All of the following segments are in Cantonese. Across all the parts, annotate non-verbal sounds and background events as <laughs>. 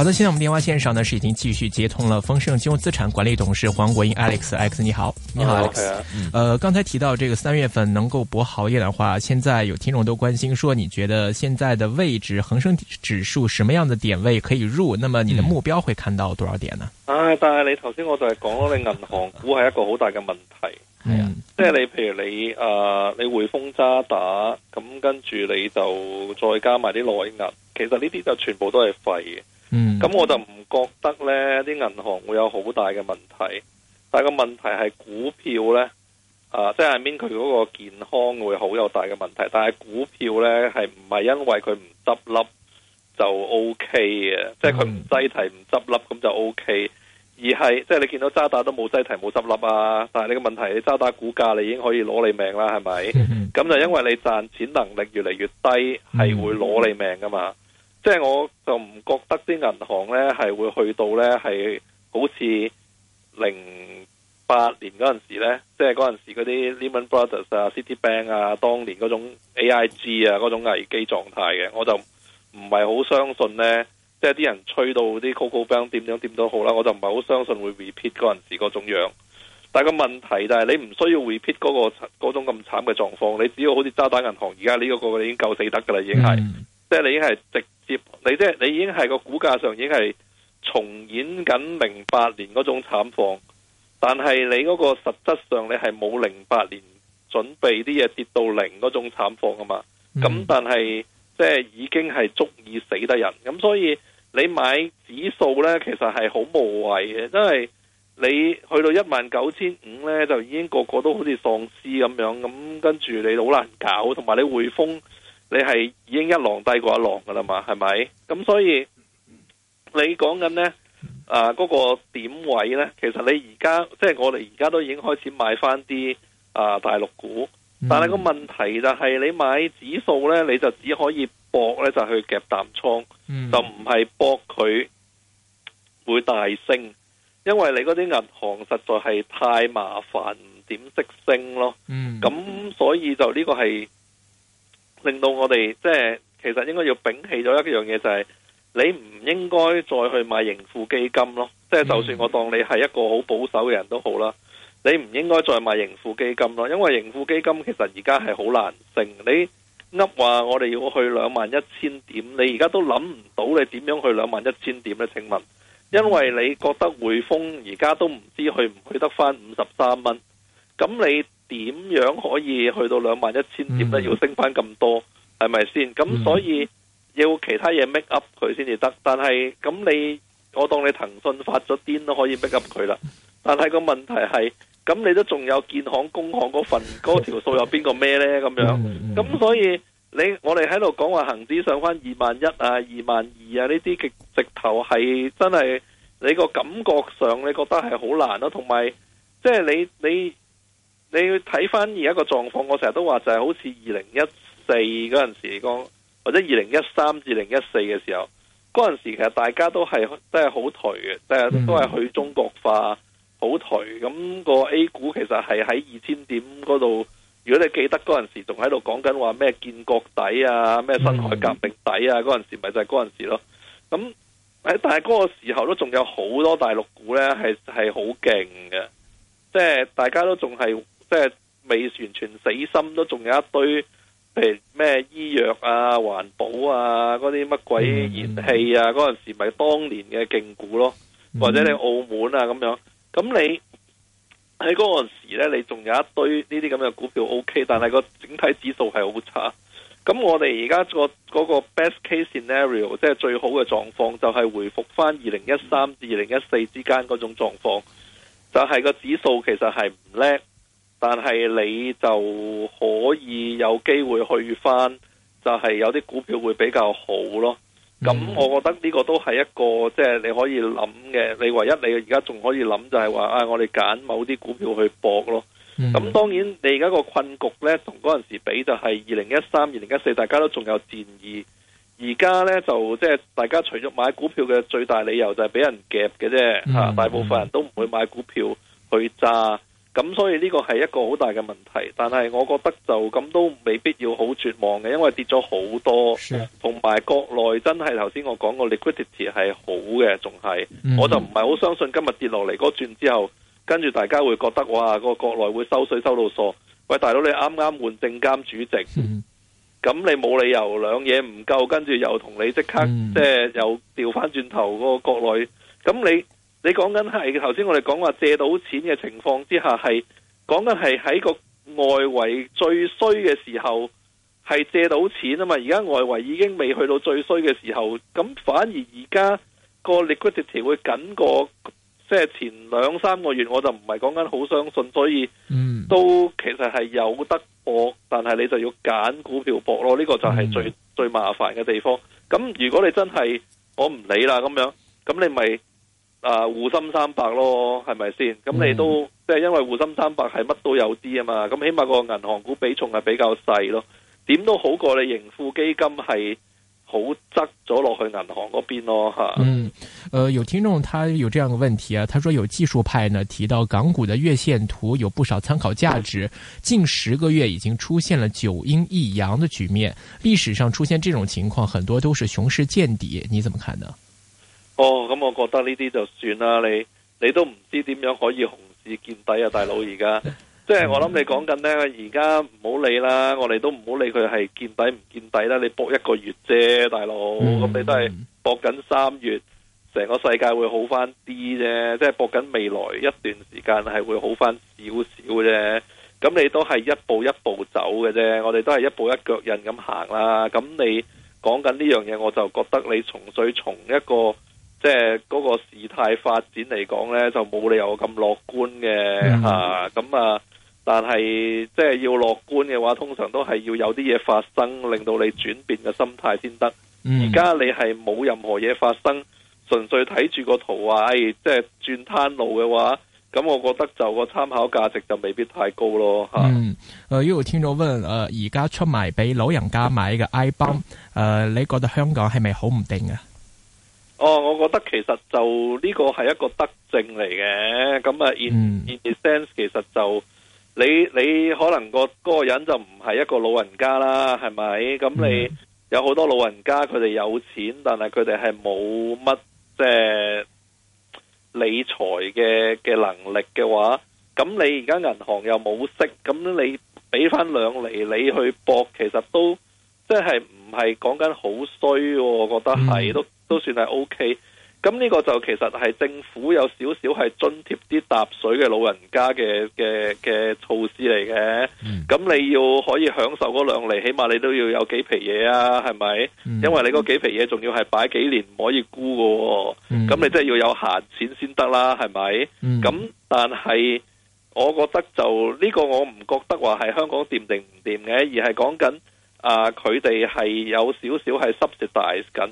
好的，現在我們電話線上呢是已經繼續接通了豐盛金融資產管理董事黃國英 Alex，Alex 你好，哦、你好 Alex、哦。啊、呃，啊、剛才提到這個三月份能夠博好一點的話，現在有聽眾都關心說，你覺得現在的位置，恒生指數什麼樣的點位可以入？那麼你的目標會看到多少點呢？啊、嗯，但係你頭先我就係講咯，你銀行股係一個好大嘅問題，係啊，即係你譬如你誒、呃，你匯豐渣打，咁跟住你就再加埋啲內銀，其實呢啲就全部都係廢嘅。咁、嗯、我就唔覺得呢啲銀行會有好大嘅問題，但係個問題係股票呢，啊，即係 I mean 佢嗰個健康會好有大嘅問題。但係股票呢，係唔係因為佢唔執笠就 OK 嘅，嗯、即係佢唔擠提唔執笠咁就 OK，而係即係你見到渣打都冇擠提冇執笠啊，但係呢個問題，你渣打股價你已經可以攞你命啦，係咪？咁、嗯、就因為你賺錢能力越嚟越低，係會攞你命噶嘛。即係我就唔覺得啲銀行咧係會去到咧係好似零八年嗰陣時咧，即係嗰陣時嗰啲 Lehman Brothers 啊、Citibank 啊，當年嗰種 AIG 啊嗰種危機狀態嘅，我就唔係好相信咧。即係啲人吹到啲 CoCo Bank 點樣點都好啦，我就唔係好相信會 repeat 嗰陣時嗰種樣。但係個問題就係你唔需要 repeat 嗰、嗰個嗰種咁慘嘅狀況，你只要好似渣打銀行而家呢個個已經夠死得噶啦，已經係。嗯即係你已經係直接，你即係你已經係個股價上已經係重演緊零八年嗰種慘況，但係你嗰個實質上你係冇零八年準備啲嘢，跌到零嗰種慘況㗎嘛，咁但係即係已經係足以死得人，咁所以你買指數呢，其實係好無謂嘅，因為你去到一萬九千五呢，就已經個個都好似喪屍咁樣，咁跟住，你好難搞，同埋你匯豐。你係已經一浪低過一浪噶啦嘛，係咪？咁所以你講緊呢啊嗰、呃嗰個點位呢，其實你而家即係我哋而家都已經開始買翻啲啊大陸股，但係個問題就係、是、你買指數呢，你就只可以博呢，就去夾淡倉，嗯、就唔係博佢會大升，因為你嗰啲銀行實在係太麻煩，點識升咯？咁、嗯、所以就呢個係。令到我哋即係，其實應該要摒棄咗一樣嘢，就係、是、你唔應該再去買盈富基金咯。即係就算我當你係一個好保守嘅人都好啦，你唔應該再買盈富基金咯，因為盈富基金其實而家係好難升。你噏話我哋要去兩萬一千點，你而家都諗唔到你點樣去兩萬一千點咧？請問，因為你覺得匯豐而家都唔知去唔去得返五十三蚊，咁你？點樣可以去到兩萬一千點咧？要升翻咁多，係咪先？咁所以，嗯，要其他嘢 make up 佢先至得。但係咁你，我當你騰訊發咗癲都可以 make up 佢啦。但係個問題係，咁你都仲有建行、工行嗰份嗰條數有邊個咩呢？咁樣咁，嗯嗯，所以你我哋喺度講話恒指上翻二萬一啊，二萬二啊，呢啲直頭係真係你個感覺上你覺得係好難咯，同埋即係你你。你你你要睇翻而家個狀況，我成日都話就係好似二零一四嗰陣時嚟講，或者二零一三至零一四嘅時候，嗰陣時其實大家都係真係好頹嘅，即係都係去中國化，好頹。咁個 A 股其實係喺二千點嗰度。如果你記得嗰陣時仲喺度講緊話咩建國底啊，咩新海革命底啊，嗰陣時咪就係嗰陣時咯。咁喺但係嗰個時候都仲有好多大陸股呢，係係好勁嘅，即係大家都仲係。即係未完全死心，都仲有一堆，譬如咩醫藥啊、環保啊、嗰啲乜鬼燃氣啊，嗰陣、mm hmm. 時咪當年嘅勁股咯，或者你澳門啊咁樣。咁你喺嗰陣時呢，你仲有一堆呢啲咁嘅股票 OK，但係個整體指數係好差。咁我哋而家個個 best case scenario，即係最好嘅狀況，就係回復翻二零一三至二零一四之間嗰種狀況，就係個指數其實係唔叻。但係你就可以有機會去返，就係、是、有啲股票會比較好咯。咁、嗯、我覺得呢個都係一個即係、就是、你可以諗嘅。你唯一你而家仲可以諗就係話啊，我哋揀某啲股票去搏咯。咁、嗯、當然你而家個困局呢，同嗰陣時比就係二零一三、二零一四，大家都仲有戰意。而家呢，就即係大家除咗買股票嘅最大理由就係俾人夾嘅啫。大部分人都唔會買股票去揸。咁所以呢個係一個好大嘅問題，但係我覺得就咁都未必要好絕望嘅，因為跌咗好多，同埋 Sure. 國內真係頭先我講過 liquidity 係好嘅，仲係、mm hmm. 我就唔係好相信今日跌落嚟嗰轉之後，跟住大家會覺得哇，個國內會收水收到數，喂大佬你啱啱換證監主席，咁、mm hmm. 你冇理由兩嘢唔夠，跟住、mm hmm. 又同你即刻即係又調翻轉頭個國內，咁你。你講緊係頭先，我哋講話借到錢嘅情況之下，係講緊係喺個外圍最衰嘅時候係借到錢啊嘛！而家外圍已經未去到最衰嘅時候，咁反而而家個 liquidity 會緊過即係、就是、前兩三個月，我就唔係講緊好相信，所以都其實係有得博，但係你就要揀股票博咯。呢、這個就係最、嗯、最麻煩嘅地方。咁如果你真係我唔理啦，咁樣咁你咪。啊，滬深三百咯，係咪先？咁你都、嗯、即係因為滬深三百係乜都有啲啊嘛，咁起碼個銀行股比重係比較細咯，點都好過你盈富基金係好側咗落去銀行嗰邊咯吓。嗯，誒、呃，有聽眾他有這樣一個問題啊，他說有技術派呢提到港股的月線圖有不少參考價值，近十個月已經出現了九陰一陽的局面，歷史上出現這種情況很多都是熊市見底，你怎麼看呢？哦，咁、oh, 我覺得呢啲就算啦，你你都唔知點樣可以熊市見底啊，大佬而家， <laughs> 即係我諗你講緊呢，而家唔好理啦，我哋都唔好理佢係見底唔見底啦，你搏一個月啫，大佬，咁 <laughs> 你都係搏緊三月，成個世界會好翻啲啫，即係搏緊未來一段時間係會好翻少少啫，咁你都係一步一步走嘅啫，我哋都係一步一腳印咁行啦，咁你講緊呢樣嘢，我就覺得你從最從一個。即係嗰個事態發展嚟講呢，就冇理由咁樂觀嘅吓。咁、嗯、啊，但係即係要樂觀嘅話，通常都係要有啲嘢發生，令到你轉變嘅心態先得。而家、嗯、你係冇任何嘢發生，純粹睇住個圖，唉、哎，即係轉攤路嘅話，咁我覺得就個參考價值就未必太高咯吓。啊、嗯，誒、呃，有聽眾問，誒、呃，而家出埋俾老人家買嘅 iBond，誒、呃，你覺得香港係咪好唔定啊？哦，oh, 我覺得其實就呢、這個係一個德政嚟嘅，咁啊，in、mm. in sense 其實就你你可能個嗰個人就唔係一個老人家啦，係咪？咁你有好多老人家，佢哋有錢，但係佢哋係冇乜即係理財嘅嘅能力嘅話，咁你而家銀行又冇息，咁你俾翻兩厘你去搏，其實都即係唔係講緊好衰，我覺得係都。Mm. 都算係 OK，咁呢個就其實係政府有少少係津貼啲搭水嘅老人家嘅嘅嘅措施嚟嘅。咁、嗯、你要可以享受嗰兩厘，起碼你都要有幾皮嘢啊，係咪？嗯、因為你嗰幾皮嘢仲要係擺幾年唔可以沽嘅、啊、咁、嗯、你真係要有閒錢先得啦，係咪？咁、嗯、但係我覺得就呢、這個我唔覺得話係香港掂定唔掂嘅，而係講緊啊佢哋係有少少係濕蝕大緊。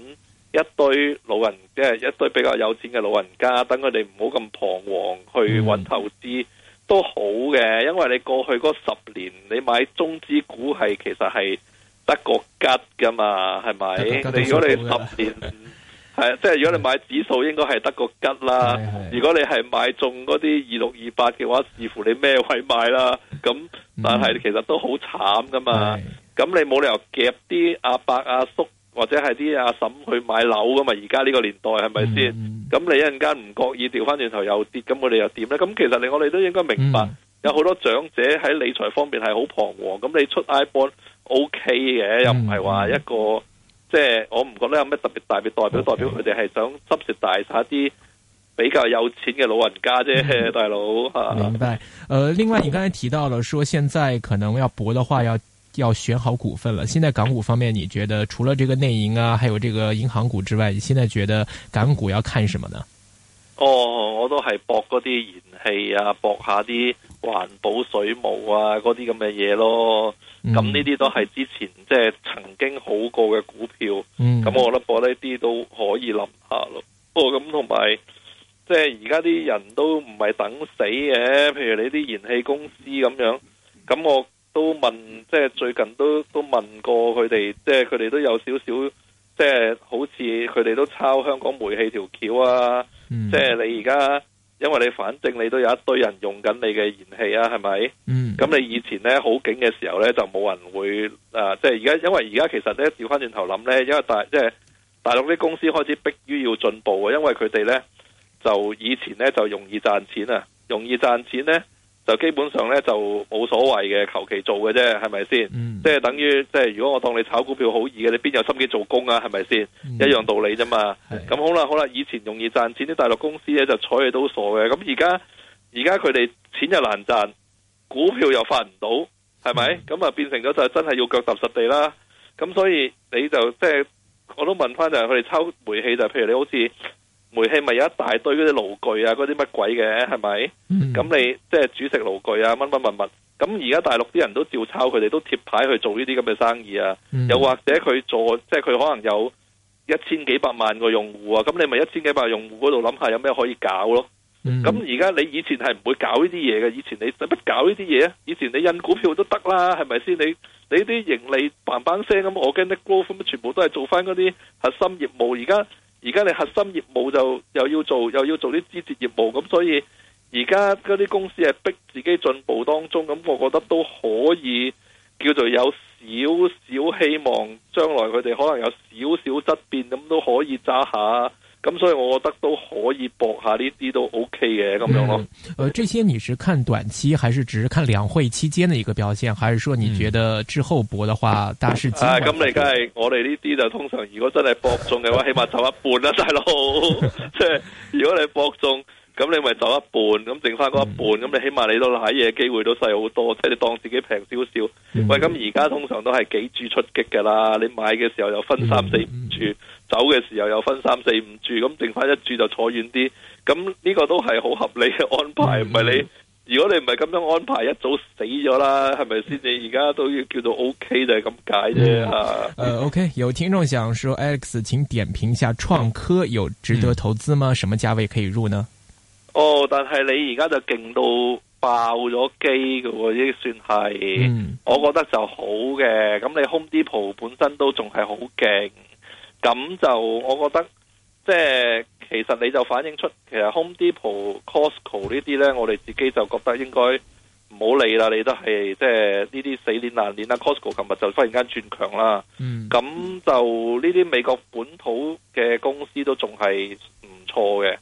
一堆老人，即係一堆比較有錢嘅老人家，等佢哋唔好咁彷徨去揾投資、嗯、都好嘅，因為你過去嗰十年你買中資股係其實係得個吉噶嘛，係咪？你如果你十年係即係如果你買指數應該係得個吉啦。是是如果你係買中嗰啲二六二八嘅話，視乎你咩位買啦。咁、嗯、但係其實都好慘噶嘛。咁是你冇理由夾啲阿伯阿叔。阿或者係啲阿嬸去買樓噶嘛？而家呢個年代係咪先？咁、嗯、你一陣間唔覺意調翻轉頭又跌，咁我哋又點咧？咁其實我哋都應該明白，嗯、有好多長者喺理財方面係好彷徨。咁你出 iBond OK 嘅，又唔係話一個、嗯嗯、即係我唔覺得有咩特別大別代表、嗯、代表佢哋係想執食大曬啲比較有錢嘅老人家啫，嗯、大佬哥嚇。明白。誒，啊、另外你剛才提到了，說現在可能要博的話，要。要選好股份了。現在港股方面，你覺得除了這個內銀啊，還有這個銀行股之外，你現在覺得港股要看什麼呢？哦，我都係博嗰啲燃氣啊，博下啲環保、水務啊，嗰啲咁嘅嘢咯。咁呢啲都係之前即係曾經好過嘅股票。咁、嗯、我覺得博呢啲都可以諗下咯。哦，不過，咁同埋即係而家啲人都唔係等死嘅，譬如你啲燃氣公司咁樣，咁我。都問，即係最近都都問過佢哋，即係佢哋都有少少，即係好似佢哋都抄香港煤氣條橋啊！嗯、即係你而家，因為你反正你都有一堆人用緊你嘅燃氣啊，係咪？嗯，咁你以前呢好景嘅時候呢，就冇人會誒、啊，即係而家，因為而家其實呢，調翻轉頭諗呢，因為大即係、就是、大陸啲公司開始迫於要進步啊，因為佢哋呢就以前呢就容易賺錢啊，容易賺錢呢。就基本上咧就冇所謂嘅，求其做嘅啫，係咪先？即係等於即係，如果我當你炒股票好易嘅，你邊有心機做工啊？係咪先？嗯、一樣道理啫嘛。咁是的 好啦，好啦，以前容易賺錢啲大陸公司咧就睬你都傻嘅，咁而家而家佢哋錢又難賺，股票又發唔到，係咪？咁啊、嗯、變成咗就真係要腳踏實地啦。咁所以你就即係我都問翻就係佢哋抽煤氣就係、譬如你好似。煤氣咪有一大堆嗰啲爐具啊，嗰啲乜鬼嘅係咪？咁你即係煮食爐具啊，乜乜乜物。咁而家大陸啲人都照抄佢哋，都貼牌去做呢啲咁嘅生意啊。又或者佢做，即係佢可能有一千幾百萬個用戶啊。咁你咪一千幾百用戶嗰度諗下有咩可以搞咯。咁而家你以前係唔會搞呢啲嘢嘅，以前你使乜搞呢啲嘢啊？以前你印股票都得啦，係咪先？你你啲盈利嘭嘭聲咁，我驚啲 growth 咁，全部都係做翻嗰啲核心業務。而家。而家你核心業務就又要做，又要做啲支持業務，咁所以而家嗰啲公司係逼自己進步當中，咁我覺得都可以叫做有少少希望，將來佢哋可能有少少質變，咁都可以揸下。咁所以我覺得都可以博下呢啲，都 O K 嘅咁樣咯。呃，這些你是看短期，還是只是看兩會期間的一個表現，還是說你覺得之後博的話，嗯、大市啊，咁你梗係我哋呢啲就通常如果真係博中嘅話， <laughs> 起碼走一半啦，啊，大佬。即係， <laughs> 就是，如果你博中，咁你咪走一半，咁剩翻嗰一半，咁你，嗯嗯、起碼你都睇嘢機會都細好多，即、就、係、是、你當自己平少少。嗯、喂，咁而家通常都係幾注出擊噶啦，你買嘅時候又分三四五注。嗯嗯走嘅時候又分三四五住，咁剩翻一住就坐遠啲，咁呢個都係好合理嘅安排。唔係、嗯嗯、你，如果你唔係咁樣安排，一早死咗啦，係咪先？你而家都要叫做 OK 就係咁解啫。誒，O K，有聽眾想說，Alex，請點評下創科有值得投資嗎？什麼價位可以入呢？哦，但係你而家就勁到爆咗機噶，已經算係，嗯、我覺得就好嘅。咁你 Home Depot 本身都仲係好勁。咁就，我覺得即係、就是、其實你就反映出，其實 Home Depot、Costco 呢啲呢，我哋自己就覺得應該唔好理啦。你都係即係呢啲死年爛年啦。Costco 琴日就忽然間轉強啦。咁、嗯、就呢啲、嗯、美國本土嘅公司都仲係唔錯嘅。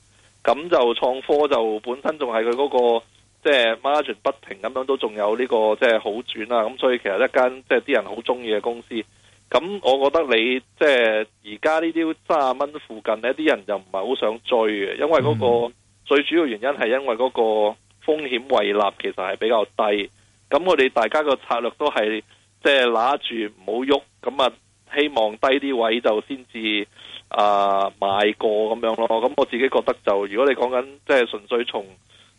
咁就創科就本身仲係佢嗰個即係、就是、margin 不停咁樣都仲有呢、這個即係、就是、好轉啦、啊。咁所以其實一間即係啲人好中意嘅公司。咁，我覺得你即係而家呢啲三十蚊附近咧，啲人就唔係好想追嘅，因為嗰個最主要原因係因為嗰個風險位立其實係比較低。咁我哋大家個策略都係即係拿住唔好喐，咁啊希望低啲位就先至啊買過咁樣咯。咁我自己覺得就如果你講緊即係純粹從。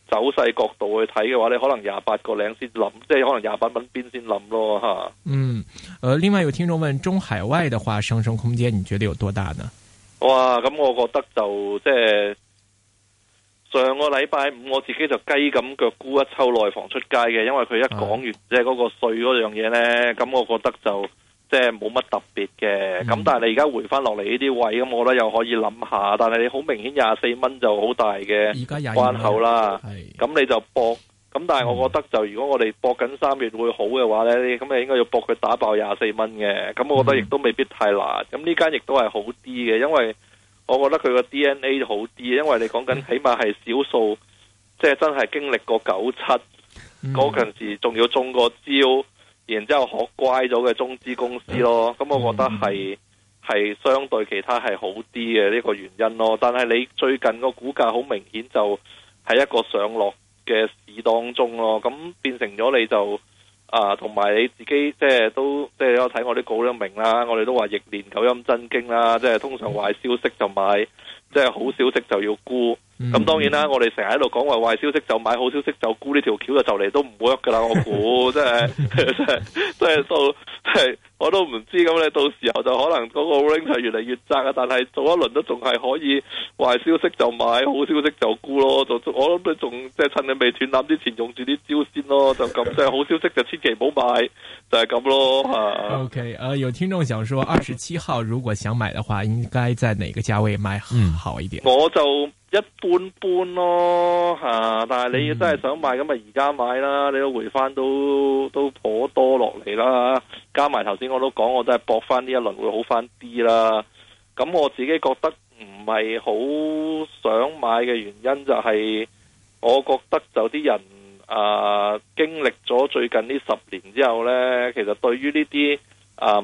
走勢角度去睇嘅話，你可能廿八個零先諗，即係可能廿八蚊邊先諗咯吓。嗯，誒、呃，另外有聽眾問中海外嘅話，上升空間你覺得有多大呢？哇，咁我覺得就即係上個禮拜五，我自己就雞咁腳沽一抽內房出街嘅，因為佢一講完即係嗰個稅嗰樣嘢咧，咁我覺得就。即係冇乜特別嘅，咁、嗯、但係你而家回翻落嚟呢啲位，咁我覺得又可以諗下。但係你好明顯廿四蚊就好大嘅關口啦，咁的你就搏。咁的但係我覺得就如果我哋搏緊三月會好嘅話呢，咁你應該要搏佢打爆廿四蚊嘅。咁我覺得亦都未必太難。咁呢間亦都係好啲嘅，因為我覺得佢個 DNA 好啲，因為你講緊起碼係少數，即係、嗯、真係經歷過九七嗰陣時，仲要中個招。然之後學乖咗嘅中資公司咯，咁我覺得係係相對其他係好啲嘅呢個原因咯。但係你最近個股價好明顯就喺一個上落嘅市當中咯，咁變成咗你就啊，同、呃、埋你自己，、呃、你自己即係都即係有睇我啲稿都明啦，我哋都話逆練九陰真經啦，即係通常壞消息就買，即係好消息就要沽。咁、嗯、當然啦，我哋成日喺度講話壞消息就買，好消息就沽呢條橋就就嚟都唔 work 噶啦。我估即係即係即係到真係我都唔知咁你到時候就可能嗰個 ring 係越嚟越窄啊。但係做一輪都仲係可以壞消息就買，好消息就沽咯。仲我諗都仲即係趁你未斷纜之前用住啲招先咯。就咁即係好消息就千祈唔好買，就係、是、咁咯、啊、OK，有聽眾想說，二十七號如果想買嘅話，應該在哪個價位買好一點？嗯、我就。一般般咯嚇、啊，但係你真係想買咁咪而家買啦，你都回翻都都頗多落嚟啦。加埋頭先我都講，我真係搏翻呢一輪會好翻啲啦。咁我自己覺得唔係好想買嘅原因就係，我覺得就啲人啊經歷咗最近呢十年之後呢，其實對於呢啲啊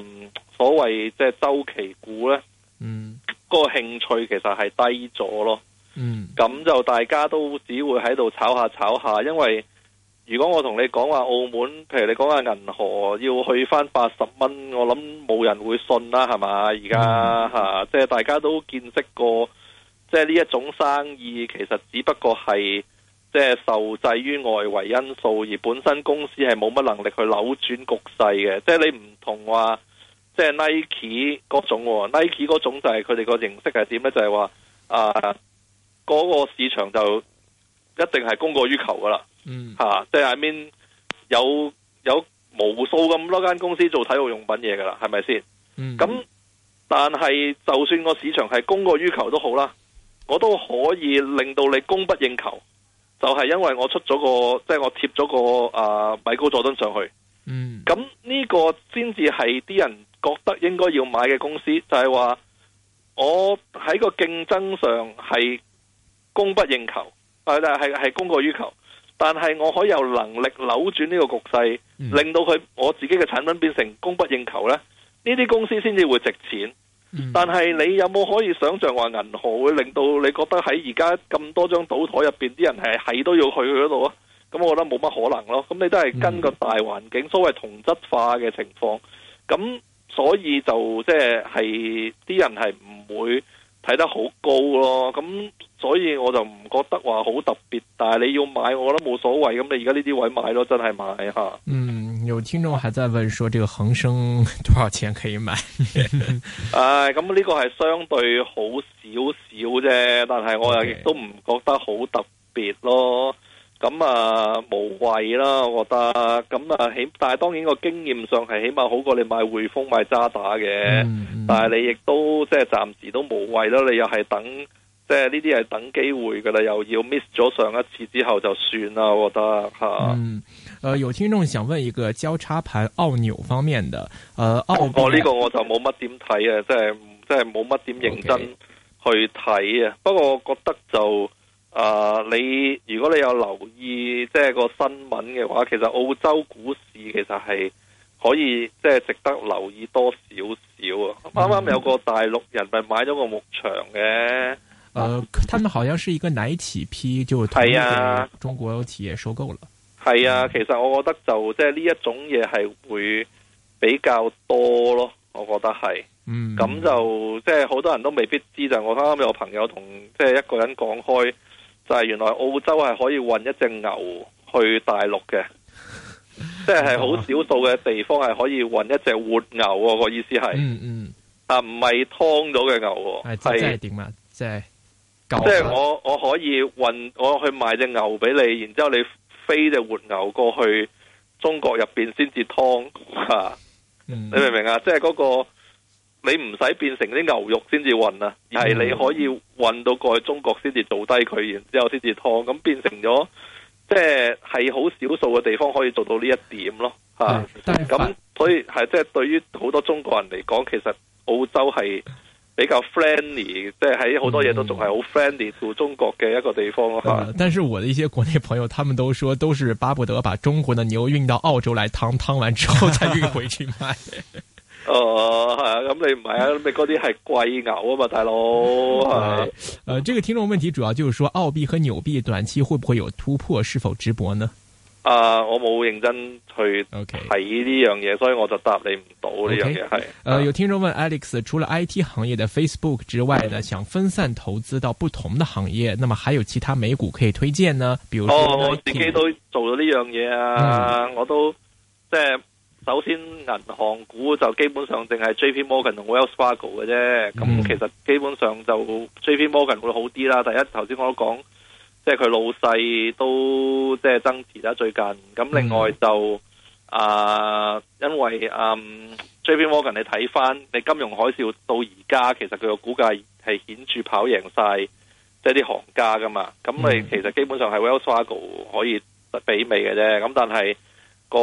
所謂即係周期股呢、嗯、個興趣其實係低咗咯。嗯，咁就大家都只會喺度炒下炒下，因為如果我同你講話澳門，譬如你講下銀河要去翻八十蚊，我諗冇人會信啦，係咪？而家吓，即、啊、係、就是、大家都見識過，即係呢一種生意，其實只不過係即係受制於外圍因素，而本身公司係冇乜能力去扭轉局勢嘅。即、就、係、是、你唔同話，即、啊、係、就是啊、Nike 嗰種，Nike 嗰種就係佢哋個形式係點咧？就係、是、話啊。嗰個市場就一定係供過於求噶啦，吓、嗯，即係下面有有無數咁多間公司做體育用品嘢噶啦，係咪先？咁、嗯、但係就算個市場係供過於求都好啦，我都可以令到你供不應求，就係、是、因為我出咗個，即、就、係、是、我貼咗個誒、啊、米高佐敦上去，咁呢、嗯、個先至係啲人覺得應該要買嘅公司，就係、是、話我喺個競爭上係。供不應求，啊，但係係供過於求，但係我可以有能力扭轉呢個局勢，令到佢我自己嘅產品變成供不應求咧，呢啲公司先至會值錢。但係你有冇可以想像話銀行會令到你覺得喺而家咁多張賭枱入邊啲人係係都要去嗰度啊？咁我覺得冇乜可能咯。咁你都係跟個大環境，所謂同質化嘅情況，咁所以就即係係啲人係唔會睇得好高咯，咁所以我就唔覺得話好特別，但係你要買，我覺得冇所謂。咁你而家呢啲位買咯，真係買嚇。嗯，有聽眾還在問，說這個恒生多少錢可以買？誒、 <laughs> 哎，咁、這、呢個係相對好少少啫，但係我又亦都唔覺得好特別咯。咁啊無謂啦，我覺得咁啊起，但係當然個經驗上係起碼好過你買匯豐買渣打嘅。嗯、但係你亦都即係暫時都無謂啦。你又係等即係呢啲係等機會噶啦，又要 miss 咗上一次之後就算啦，我覺得吓。啊、嗯，誒、呃，有聽眾想問一個交叉盤，澳紐方面嘅。誒、呃，澳。我呢、哦這個我就冇乜點睇啊，即係即係冇乜點認真去睇啊。Okay. 不過我覺得就。誒、呃，你如果你有留意即係、就是、個新聞嘅話，其實澳洲股市其實係可以即係、就是、值得留意多少少啊！啱啱有個大陸人咪買咗個牧場嘅。誒、嗯嗯呃，佢哋好像是一個奶企批， <laughs> 就係啊，中國企業收購了。係啊、嗯、啊，其實我覺得就即係呢一種嘢係會比較多咯，我覺得係。嗯，咁就即係好多人都未必知。就我啱啱有朋友同即係一個人講開。嗯就係原來澳洲係可以運一隻牛去大陸嘅，即係好少數嘅地方係可以運一隻活牛個、哦、意思係、嗯，嗯嗯，啊唔係劏咗嘅牛，係即係點是啊，即係即係我我可以運我去賣隻牛俾你，然之後你飛隻活牛過去中國入邊先至劏，啊嗯、你明唔明啊？嗯、即係嗰、那個。你唔使變成啲牛肉先至運啊，而係你可以運到過去中國先至做低佢，然之後先至劏，咁變成咗即係好少數嘅地方可以做到呢一點咯，吓咁所以係即係對於好多中國人嚟講，其實澳洲係比較 friendly，即係喺好多嘢都仲係好 friendly 做中國嘅一個地方咯、啊。但是我的一些國內朋友，他們都說都是巴不得把中國的牛運到澳洲來劏，劏完之後再運回去賣。 <laughs> 哦，係啊，咁你唔係啊，你嗰啲係貴牛啊嘛，大佬。係，誒，這個聽眾問題主要就是說澳幣和紐幣短期會唔會有突破，是否直播呢？啊，我冇認真去睇呢樣嘢，所以我就答你唔到呢樣嘢。係。誒，有聽眾問 Alex，除了 I T 行業嘅 Facebook 之外，呢想分散投資到不同的行業，那麼還有其他美股可以推薦呢？比如，哦，我自己都做咗呢樣嘢啊，我都即係。首先，銀行股就基本上淨係 J.P.Morgan 同 Wells Fargo 嘅啫。咁、嗯、其實基本上就 J.P.Morgan 會好啲啦。第一，頭先我都講，即係佢老細都即係增持啦。最近咁，另外就、嗯、啊，因為嗯 J.P.Morgan 你睇翻，你金融海嘯到而家，其實佢個股價係顯著跑贏晒，即係啲行家㗎嘛。咁你、嗯、其實基本上係 Wells Fargo 可以不媲美嘅啫。咁但係。個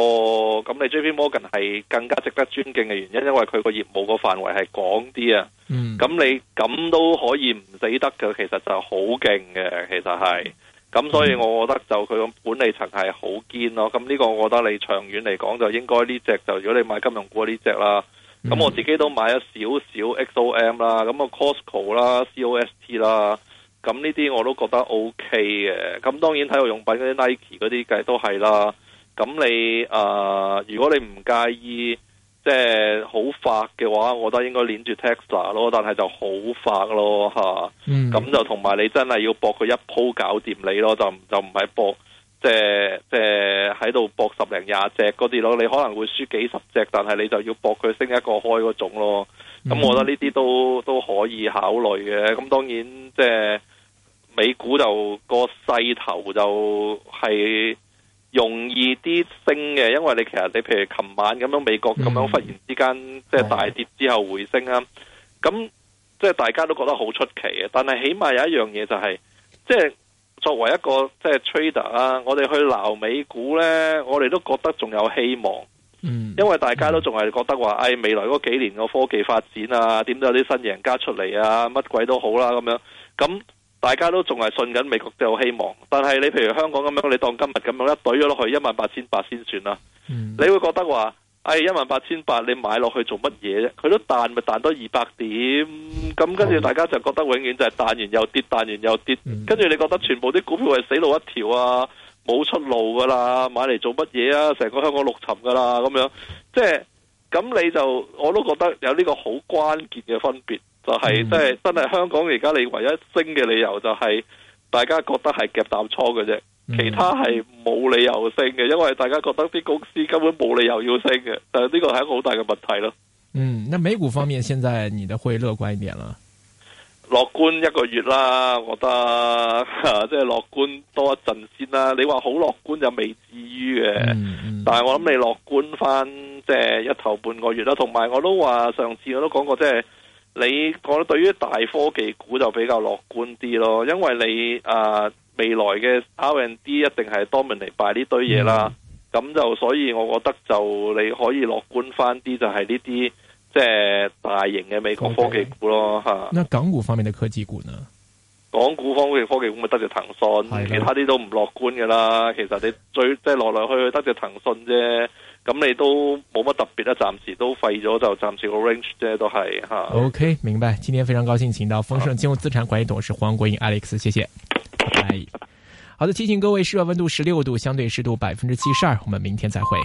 咁你 J.P.Morgan 係更加值得尊敬嘅原因，因為佢個業務個範圍係廣啲啊。咁、嗯、你咁都可以唔死得嘅，其實就好勁嘅。其實係咁，所以我覺得就佢個管理層係好堅咯。咁呢個我覺得你長遠嚟講就應該呢隻就如果你買金融股呢隻啦。咁我自己都買咗少少 XOM 啦，咁、那、啊、個、Costco 啦，COST 啦。咁呢啲我都覺得 O.K. 嘅。咁當然體育用品嗰啲 Nike 嗰啲計都係啦。咁你啊、呃，如果你唔介意即係好發嘅話，我覺得應該連住 Tesla 咯，但係就好發咯吓。咁、啊嗯、就同埋你真係要博佢一鋪搞掂你咯，就就唔係博即係即係喺度博十零廿隻嗰啲咯，你可能會輸幾十隻，但係你就要博佢升一個開嗰種咯。咁、嗯、我覺得呢啲都都可以考慮嘅。咁當然即係美股就、那個勢頭就係、是。容易啲升嘅，因為你其實你譬如琴晚咁樣美國咁樣、嗯、忽然之間即係大跌之後回升啊，咁、嗯、即係大家都覺得好出奇嘅。但係起碼有一樣嘢就係、是，即係作為一個即係 trader 啊，我哋去鬧美股咧，我哋都覺得仲有希望，嗯、因為大家都仲係覺得話，誒、哎、未來嗰幾年個科技發展啊，點都有啲新贏家出嚟啊，乜鬼都好啦、啊、咁樣咁。大家都仲係信緊美國都有希望，但係你譬如香港咁樣，你當今日咁樣一懟咗落去一萬八千八先算啦，嗯、你會覺得話，誒一萬八千八你買落去做乜嘢啫？佢都彈咪彈多二百點，咁跟住大家就覺得永遠就係彈完又跌，彈完又跌，跟住、嗯、你覺得全部啲股票係死路一條啊，冇出路噶啦，買嚟做乜嘢啊？成個香港陸沉噶啦咁樣，即係咁你就我都覺得有呢個好關鍵嘅分別。就係即係真係香港而家你唯一升嘅理由就係、是、大家覺得係夾淡倉嘅啫，其他係冇理由升嘅，因為大家覺得啲公司根本冇理由要升嘅，誒呢個係一個好大嘅問題咯。嗯，美股方面，現在你都會樂觀一點啦？樂觀一個月啦，我覺得即係樂觀多一陣先啦。你話好樂觀就未至於嘅，嗯嗯、但係我諗你樂觀翻即係一頭半個月啦。同埋我都話上次我都講過即係。你覺得對於大科技股就比較樂觀啲咯，因為你誒、呃、未來嘅 R and D 一定係 dominate by 呢堆嘢啦，咁、嗯、就所以我覺得就你可以樂觀翻啲，就係呢啲即係大型嘅美國科技股咯吓。港股方面的科技股呢？港股方面科技股咪得隻騰訊，的其他啲都唔樂觀噶啦。其實你最即係來來去去得隻騰訊啫。咁你都冇乜特別啦，啊，暫時都廢咗，就暫時 arrange 啫，都係吓。O、okay, K，明白。今天非常高興請到豐盛金融資產管理董事、啊、黃國英 Alex，謝謝。拜拜。 <laughs> 好的，的提醒各位，室外溫度十六度，相對濕度百分之七十二。我們明天再會。